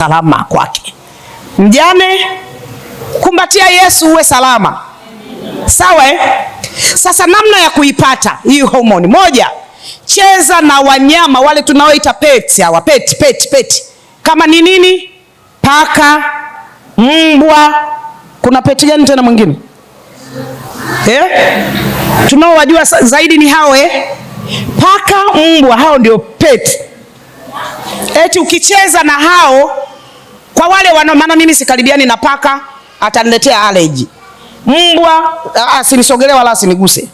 salama kwake. Mjane, kumbatia Yesu uwe salama, sawa eh? Sasa namna ya kuipata hii homoni, moja, cheza na wanyama wale tunaoita pets. Hawa pet pet pet kama ni nini? Paka, mbwa. Kuna pet gani tena mwingine eh? Tunaowajua zaidi ni hao eh? Paka, mbwa, hao ndio pet. Eti ukicheza na hao kwa wale wana maana, mimi sikaribiani na paka, ataniletea allergy. Mbwa asinisogelee wala asiniguse.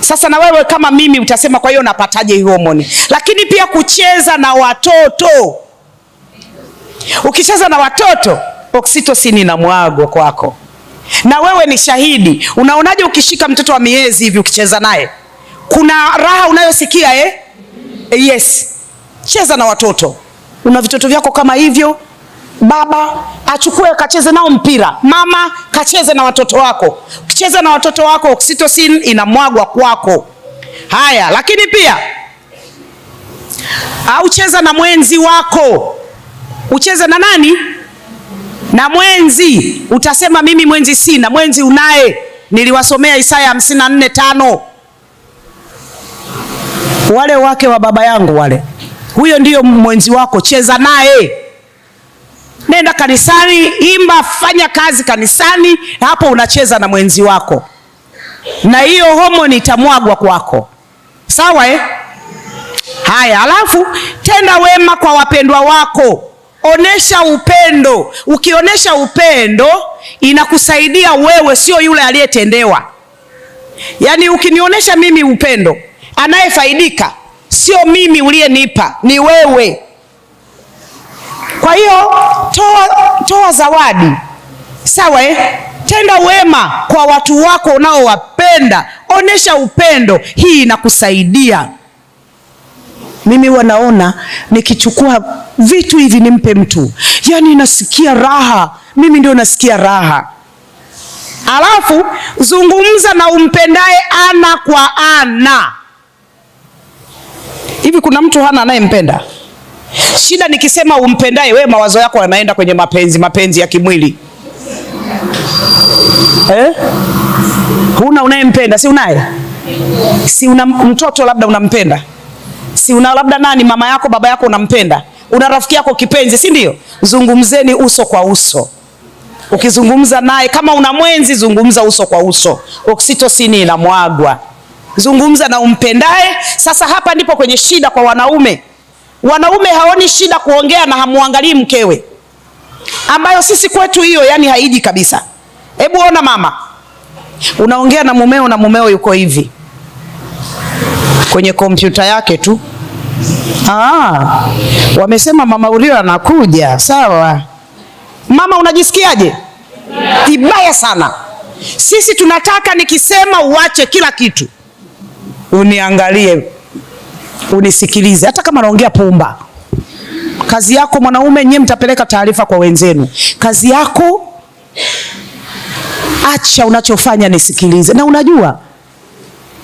Sasa na wewe kama mimi utasema, kwa hiyo napataje hii homoni? Lakini pia kucheza na watoto, ukicheza na watoto oxytocin inamwagwa kwako, na wewe ni shahidi. Unaonaje ukishika mtoto wa miezi hivi ukicheza naye, kuna raha unayosikia eh? Yes, cheza na watoto. Una vitoto vyako kama hivyo Baba achukue kacheze nao mpira, mama kacheze na watoto wako. cheza na watoto wako, oksitosin inamwagwa kwako. Haya, lakini pia au cheza na mwenzi wako. Ucheze na nani? Na mwenzi. Utasema mimi mwenzi sina, mwenzi unaye. Niliwasomea Isaya hamsini nne tano wale wake wa baba yangu wale, huyo ndiyo mwenzi wako, cheza naye nenda kanisani, imba, fanya kazi kanisani, hapo unacheza na mwenzi wako, na hiyo homoni itamwagwa kwako, sawa eh? Haya, alafu tenda wema kwa wapendwa wako, onesha upendo. Ukionyesha upendo inakusaidia wewe, sio yule aliyetendewa. Yaani ukinionyesha mimi upendo, anayefaidika sio mimi uliyenipa, ni wewe. Kwa hiyo toa, toa zawadi sawa, eh? Tenda wema kwa watu wako unaowapenda, onesha upendo. Hii inakusaidia. Mimi wanaona nikichukua vitu hivi nimpe mtu, yani nasikia raha, mimi ndio nasikia raha. Alafu zungumza na umpendaye ana kwa ana. Hivi kuna mtu hana anayempenda? Shida nikisema umpendaye, we mawazo yako yanaenda kwenye mapenzi, mapenzi ya kimwili eh? Huna unayempenda, si unaye? Si una mtoto labda unampenda, si una labda nani, mama yako baba yako unampenda, una rafiki yako kipenzi, si ndio? Zungumzeni uso kwa uso. Ukizungumza naye kama una mwenzi, zungumza uso kwa uso, oksitosini inamwagwa. Zungumza na umpendaye. Sasa hapa ndipo kwenye shida kwa wanaume. Wanaume haoni shida kuongea na hamwangalii mkewe, ambayo sisi kwetu hiyo yani haiji kabisa. Hebu ona mama, unaongea na mumeo na mumeo yuko hivi kwenye kompyuta yake tu. Aa, ah, wamesema mama Urio anakuja. Sawa mama, unajisikiaje? Vibaya sana. Sisi tunataka nikisema uache kila kitu uniangalie unisikilize, hata kama naongea pumba. Kazi yako mwanaume, nyie mtapeleka taarifa kwa wenzenu. Kazi yako acha unachofanya, nisikilize. Na unajua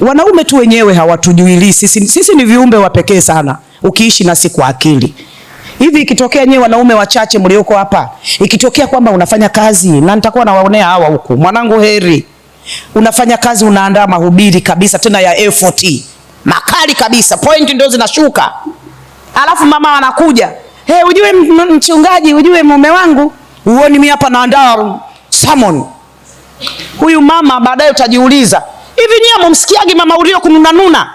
wanaume tu wenyewe hawatujuilii sisi, sisi ni viumbe wa pekee sana, ukiishi nasi kwa akili hivi ikitokea nyewe wanaume wachache mlioko hapa, ikitokea kwamba unafanya kazi na nitakuwa nawaonea hawa huku, mwanangu Heri, unafanya kazi unaandaa mahubiri kabisa tena ya effort makali kabisa, point ndio zinashuka, alafu mama anakuja hey, ujue mchungaji, ujue mume wangu, uoni mimi hapa naandaa salmon. Huyu mama baadaye utajiuliza hivi nyie mumsikiagi mama ulio kununanuna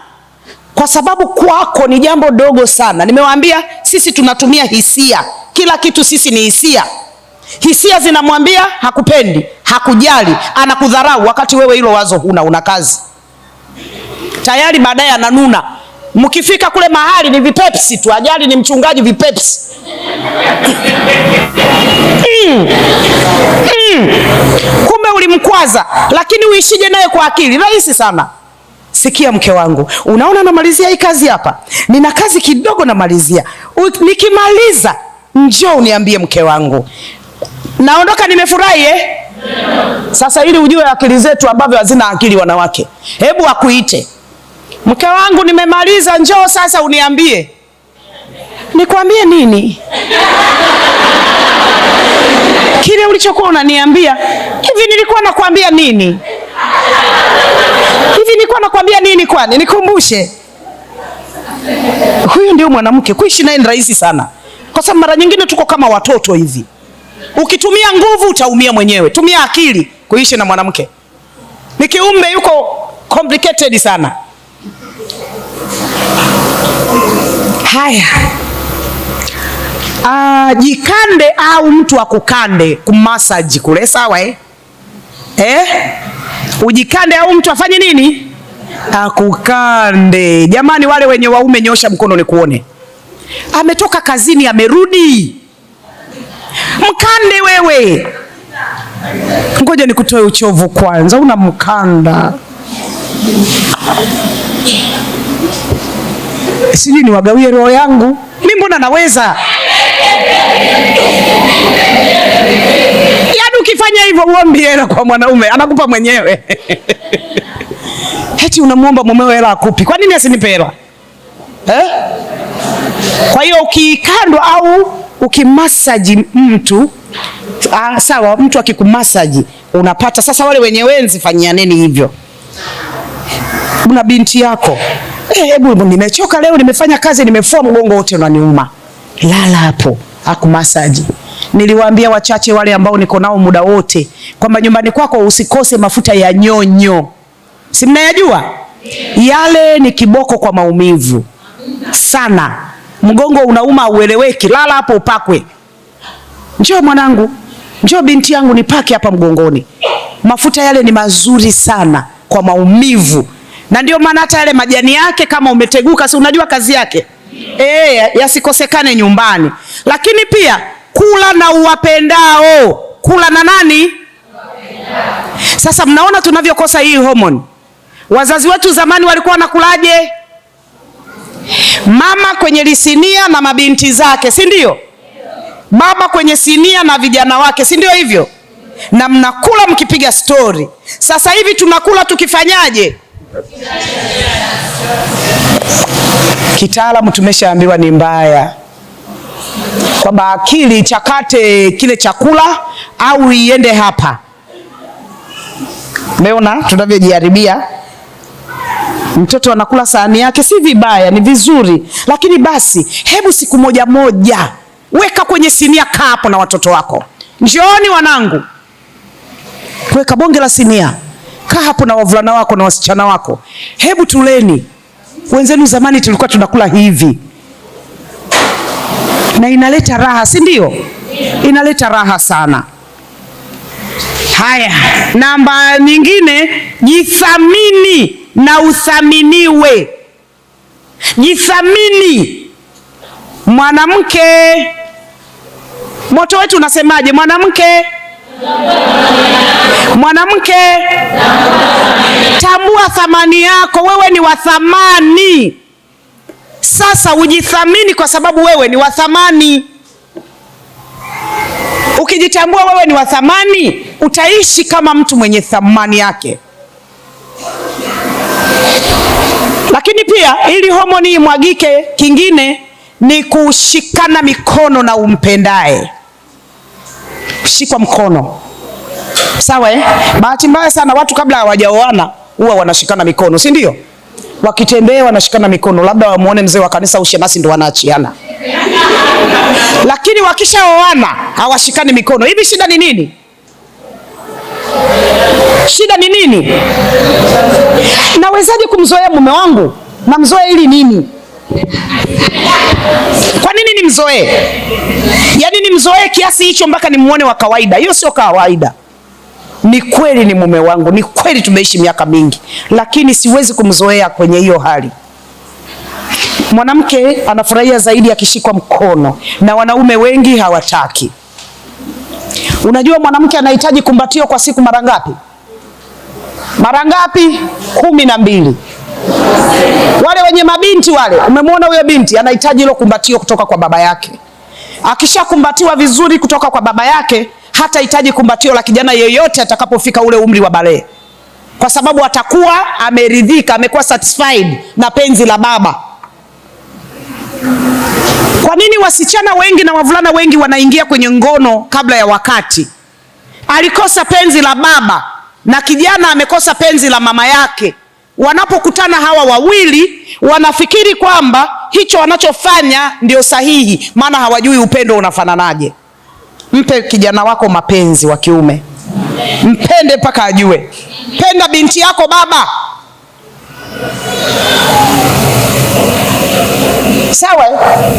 kwa sababu kwako ni jambo dogo sana. Nimewaambia sisi tunatumia hisia, kila kitu sisi ni hisia. Hisia zinamwambia hakupendi, hakujali, anakudharau, wakati wewe hilo wazo huna, una kazi tayari baadaye ananuna. Mkifika kule mahali ni vipepsi tu, ajali ni mchungaji vipepsi. Mm. Mm. Kumbe ulimkwaza, lakini uishije naye kwa akili? Rahisi sana. Sikia mke wangu, unaona namalizia hii kazi hapa, nina kazi kidogo namalizia. Nikimaliza njoo uniambie mke wangu, naondoka nimefurahi, eh? Sasa ili ujue akili zetu ambavyo hazina akili wanawake, hebu akuite mke wangu, nimemaliza, njoo sasa uniambie. Nikwambie nini? Kile ulichokuwa unaniambia. Hivi nilikuwa nakwambia nini? Hivi nilikuwa nakwambia nini? Kwani nikumbushe? Huyu ndio mwanamke, kuishi naye ni rahisi sana, kwa sababu mara nyingine tuko kama watoto hivi. Ukitumia nguvu utaumia mwenyewe, tumia akili kuishi na mwanamke. Ni kiumbe yuko complicated sana. Haya, uh, jikande au mtu akukande, kumasaji kule, sawa eh? Eh? Ujikande au mtu afanye nini? Akukande. Jamani, wale wenye waume nyosha mkono nikuone. Ametoka kazini amerudi, mkande wewe. Ngoja nikutoe uchovu kwanza, una mkanda sijui niwagawie roho yangu mi, mbona naweza yaani, ukifanya hivyo uombi hela kwa mwanaume anakupa mwenyewe heti unamwomba mumeo hela akupi, kwa nini asinipe hela eh? Kwa hiyo ukikandwa au ukimasaji mtu ah, sawa, mtu akikumasaji unapata sasa. Wale wenye wenzi, fanyia nini hivyo? Una binti yako Eh, hebu nimechoka leo, nimefanya kazi, nimefua mgongo wote unaniuma, lala hapo akumasaji. Niliwaambia wachache wale ambao niko nao muda wote kwamba nyumbani kwako kwa usikose mafuta ya nyonyo, si mnayajua yale? Ni kiboko kwa maumivu sana, mgongo unauma, ueleweki. Lala hapo upakwe. Njoo mwanangu, njoo binti yangu, nipake hapa mgongoni. Mafuta yale ni mazuri sana kwa maumivu na ndio maana hata yale majani yake kama umeteguka, si unajua kazi yake e, yasikosekane nyumbani. Lakini pia kula na uwapendao, kula na nani? Sasa mnaona tunavyokosa hii homoni. Wazazi wetu zamani walikuwa wanakulaje? Mama kwenye lisinia na mabinti zake, si ndio? Baba kwenye sinia na vijana wake, si ndio hivyo? Na mnakula mkipiga stori. Sasa hivi tunakula tukifanyaje? Kitaalamu tumeshaambiwa ni mbaya, kwamba akili chakate kile chakula au iende hapa. meona tunavyojiharibia. Mtoto anakula sahani yake, si vibaya, ni vizuri, lakini basi, hebu siku moja moja weka kwenye sinia, kaa hapo na watoto wako, njooni wanangu, weka bonge la sinia kukaa hapo na wavulana wako na wasichana wako, hebu tuleni. Wenzenu zamani tulikuwa tunakula hivi, na inaleta raha, si ndio? Inaleta raha sana. Haya, namba nyingine, jithamini na uthaminiwe. Jithamini mwanamke. Moto wetu unasemaje? Mwanamke Mwanamke, tambua thamani yako, wewe ni wa thamani. Sasa ujithamini, kwa sababu wewe ni wa thamani. Ukijitambua wewe ni wa thamani, utaishi kama mtu mwenye thamani yake. Lakini pia ili homoni imwagike, kingine ni kushikana mikono na umpendaye kushikwa mkono, sawa eh? Bahati mbaya sana watu kabla hawajaoana huwa wanashikana mikono, si ndio? Wakitembea wanashikana mikono, labda wamuone mzee wa kanisa ushemasi ndo wanaachiana lakini wakishaoana hawashikani mikono. Hivi shida ni nini? Shida ni nini? Nawezaje kumzoea mume wangu? Namzoea ili nini? Kwa nini nimzoee? Yaani nimzoee kiasi hicho mpaka mwone wa kawaida? Hiyo sio kawaida. Ni kweli ni mume wangu, ni kweli tumeishi miaka mingi, lakini siwezi kumzoea kwenye hiyo hali. Mwanamke anafurahia zaidi akishikwa mkono, na wanaume wengi hawataki. Unajua mwanamke anahitaji kumbatio kwa siku mara ngapi? Mara ngapi? kumi na mbili. Wale wenye mabinti wale, umemwona huyo binti anahitaji ilo kumbatio kutoka kwa baba yake. Akishakumbatiwa vizuri kutoka kwa baba yake, hatahitaji kumbatio la kijana yeyote atakapofika ule umri wa balehe, kwa sababu atakuwa ameridhika, amekuwa satisfied na penzi la baba. Kwa nini wasichana wengi na wavulana wengi wanaingia kwenye ngono kabla ya wakati? Alikosa penzi la baba na kijana amekosa penzi la mama yake. Wanapokutana hawa wawili wanafikiri kwamba hicho wanachofanya ndio sahihi, maana hawajui upendo unafananaje. Mpe kijana wako mapenzi wa kiume, mpende mpaka ajue. Penda binti yako baba, sawa.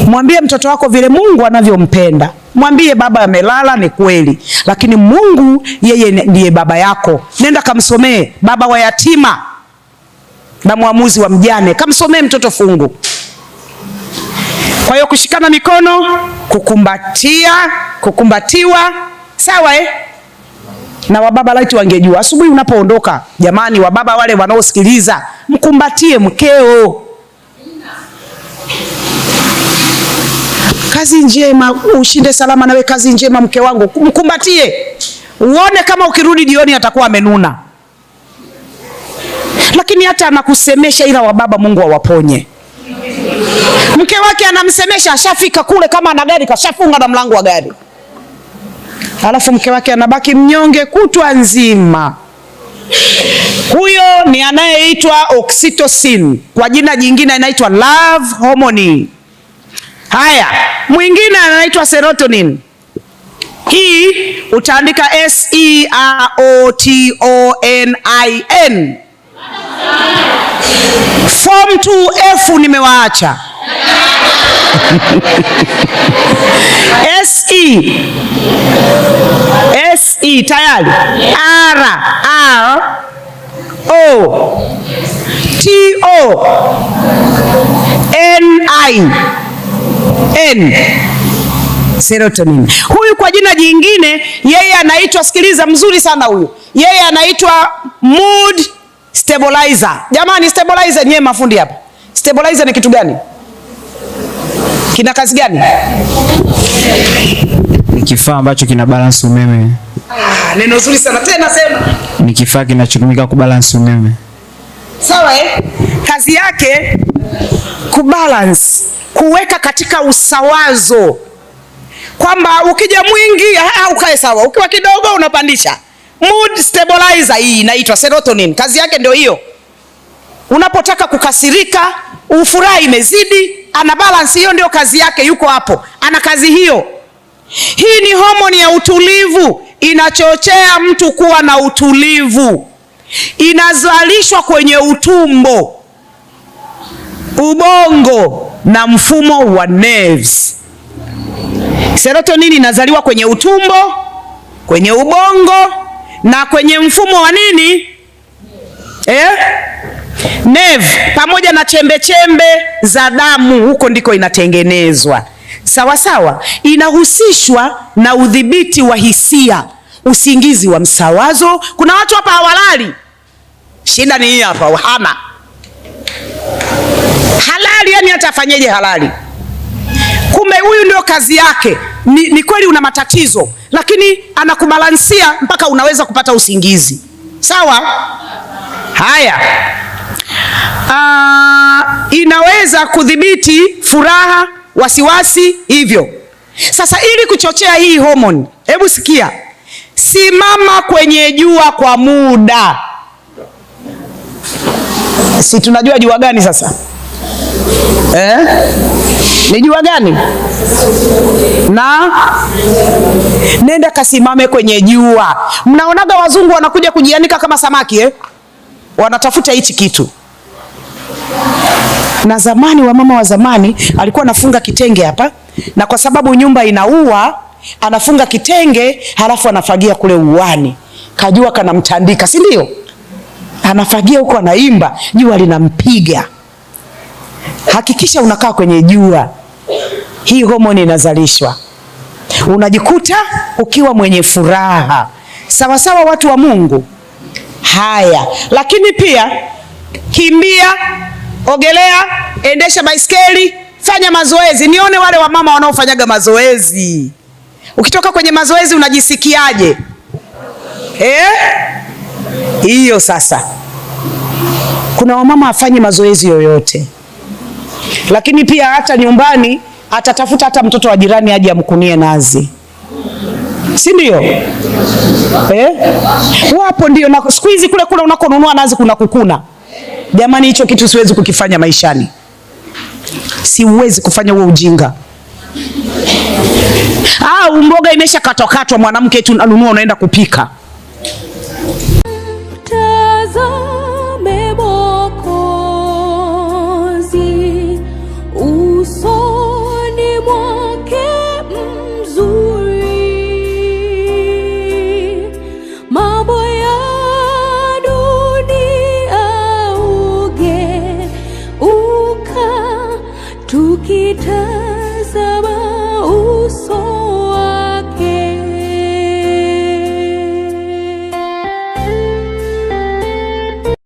Mwambie mtoto wako vile Mungu anavyompenda. Mwambie baba amelala, ni kweli, lakini Mungu yeye ndiye baba yako. Nenda kamsomee, baba wa yatima na mwamuzi wa mjane, kamsomee mtoto fungu. Kwa hiyo kushikana mikono, kukumbatia, kukumbatiwa, sawa eh? na wababa laiti wangejua asubuhi unapoondoka. Jamani, wababa wale wanaosikiliza, mkumbatie mkeo. Kazi njema, ushinde salama nawe. Kazi njema, mke wangu, mkumbatie, uone kama ukirudi jioni atakuwa amenuna lakini hata anakusemesha, ila wababa Mungu awaponye. wa mke wake anamsemesha, ashafika kule, kama ana gari kashafunga na mlango wa gari, alafu mke wake anabaki mnyonge kutwa nzima. Huyo ni anayeitwa oxytocin, kwa jina jingine inaitwa love hormone. Haya, mwingine anaitwa serotonin. Hii utaandika S E R O T O N I N form 2F nimewaacha SE SE tayari R R O T O N I N serotonin. Huyu kwa jina jingine yeye anaitwa, sikiliza mzuri sana huyu, yeye anaitwa mood Stabilizer. Jamani, stabilizer nyewe mafundi hapa. Stabilizer ni kitu gani? Kina kazi gani? Ni kifaa ambacho kina balance umeme. Ah, neno zuri sana. Tena sema. Ni kifaa kinachotumika kubalance umeme. Sawa eh? Kazi yake kubalance, kuweka katika usawazo kwamba ukija mwingi ah, ah, ukae sawa, ukiwa kidogo unapandisha Mood stabilizer hii inaitwa serotonin, kazi yake ndio hiyo. Unapotaka kukasirika, ufurahi imezidi, ana balance hiyo, ndio kazi yake, yuko hapo, ana kazi hiyo. Hii ni homoni ya utulivu, inachochea mtu kuwa na utulivu, inazalishwa kwenye utumbo, ubongo na mfumo wa nerves. Serotonin inazaliwa kwenye utumbo, kwenye ubongo na kwenye mfumo wa nini eh? Neva pamoja na chembe chembe za damu, huko ndiko inatengenezwa. Sawa sawa, inahusishwa na udhibiti wa hisia, usingizi wa msawazo. Kuna watu hapa hawalali, shida ni hii hapa, uhama halali, yani hata afanyeje halali. Kumbe huyu ndio kazi yake. Ni, ni kweli una matatizo lakini anakubalansia mpaka unaweza kupata usingizi. Sawa? Haya. Aa, ah, inaweza kudhibiti furaha, wasiwasi hivyo. Sasa ili kuchochea hii homoni, hebu sikia. Simama kwenye jua kwa muda. Si tunajua jua gani sasa? Eh? Ni jua gani? Na nenda kasimame kwenye jua. Mnaonaga wazungu wanakuja kujianika kama samaki eh? Wanatafuta hichi kitu. Na zamani wa mama wa zamani alikuwa anafunga kitenge hapa, na kwa sababu nyumba inaua, anafunga kitenge halafu anafagia kule uani, kajua kanamtandika, si ndio? Anafagia huko, anaimba, jua linampiga Hakikisha unakaa kwenye jua, hii homoni inazalishwa, unajikuta ukiwa mwenye furaha sawasawa, watu wa Mungu. Haya, lakini pia kimbia, ogelea, endesha baiskeli, fanya mazoezi. Nione wale wamama wanaofanyaga mazoezi, ukitoka kwenye mazoezi unajisikiaje? Eh, hiyo sasa, kuna wamama afanye mazoezi yoyote lakini pia hata nyumbani atatafuta hata mtoto wa jirani aje amkunie nazi, si ndio? Eh? Wapo ndio, na siku hizi kule kule unakonunua nazi kuna kukuna. Jamani, hicho kitu siwezi kukifanya maishani, siwezi kufanya huo ujinga. Au ah, mboga imesha katwa katwa, mwanamke tu unanunua unaenda kupika Tazo.